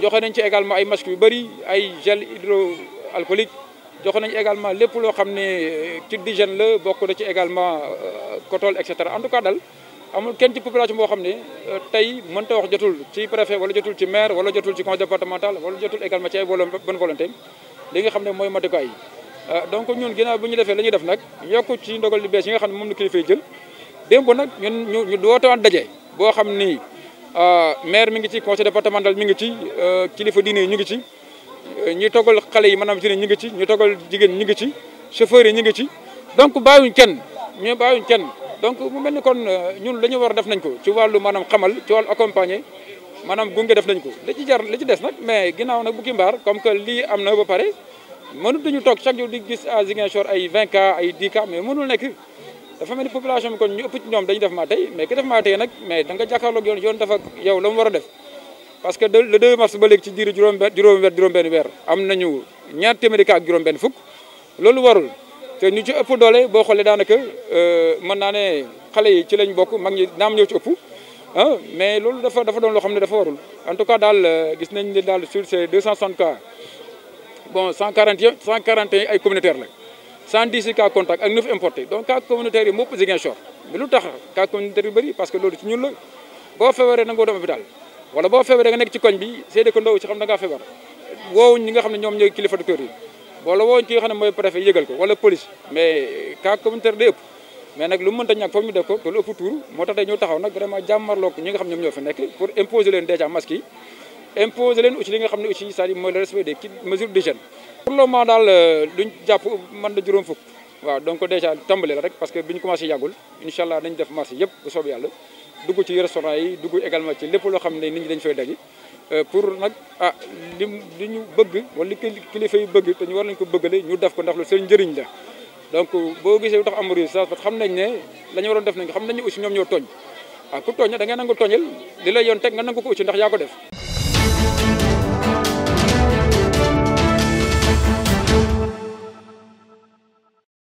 joxe nañ ci également ay masques yu bëri ay gel hydroalcoolique joxe nañ également lépp loo xam ne kit euh, d'hygiène la bokk na ci également kotol euh, et cetera en tout cas daal amul ci xam ne euh, tey mënta wax jotul ci préfet wala jotul ci maire wala jotul ci conseil départemental wala jotul également ci ay bonne volonté li nga xam ne mooy matukaay yi. donc ñun ginnaaw bi ñu defee la ñuy def nag yokk ci ndogal li bees yi nga xam ne moom la kilifa yi jël démb nag ñun ñu ñu dootoo daje boo xam ni. Euh, maire mi ngi ci conseil départemental mi ngi ci euh, kilifa diine yi ñu ngi ci euh, ñi toggal xale yi maanaam jigéen ñi ngi ci ñu toggal jigéen ñu ngi ci chauffeur yi ñu ngi ci donc bàyyiwuñ kenn ñu bàyyiwuñ kenn donc mu mel ni kon ñun la ñu war def nañ ko ci wàllu maanaam xamal ci wàllu accompagner maanaam gunge def nañ ko li ci jar li ci des nag mais ginnaaw nag bu mbaar comme que lii am na ba pare mënut dañu toog chaque jour di gis à Ziguinchor ay 20 cas ay 10 cas mais mënul nekk dafa mel ni population bi kon ñu ëpp ci ñoom dañu def maa tey mais ki def maa tey nag mais da nga jàkkaarloog yoon yoon dafa yow la mu a def parce que le 2 mars ba léegi ci diiru juróom benn juróom weer juróom benn weer am nañu ñaar téeméeri ak juróom benn fukk loolu warul te ñu ci ëpp doole boo xoolee daanaka euh, mën naa ne xale yi ci lañ bokk mag ñi naam ñëw ci ëpp ah, mais loolu dafa dafa doon loo xam ne dafa warul en tout cas daal euh, gis nañ ne daal sur ces 260 cas bon 141 141 ay communautaire la 118 cas contact ak 9 importés donc cas communautaire yi mopp Ziguinchor mais lu tax cas communautaire yu parce que loolu ci ñun la boo feebaree nangoo dem hôpital wala boo feebaree nga nekk ci koñ bi see dëkk ndaw ci xam da ngaa feebar woowu xam ne ñoom ñooy wala woowu ki nga xam ne mooy ko wala police mais cas communautaire day ëpp mais nag lu mu mënta ñàkk foofu ñu def ko te moo tax tey ñoo taxaw nag vraiment jàmmarloo ko ñi pour le moment daal euh, duñ jàpp man na juróom fukk waaw donc déjà tàmbali la rek parce que bi ñu commencé yàggul incha allah dañ def marché yëpp bu soob yàlla dugg ci restaurant yi dugg également ci lépp loo xam ne nit dañ fay daji euh, pour nag ah li li ñu bëgg wala li kilifa bëgg te ñu war lañ ko bëgg bëggale ñu def ko ndax lu seen njëriñ la donc boo gisee lu tax amul résistance parce que xam nañ ne la ñu waroon def nañ xam nañu ne ñoom ñoo tooñ ah ku tooñ da ngay nangu tooñal li teg nga nangu ko aussi ndax yaa ko def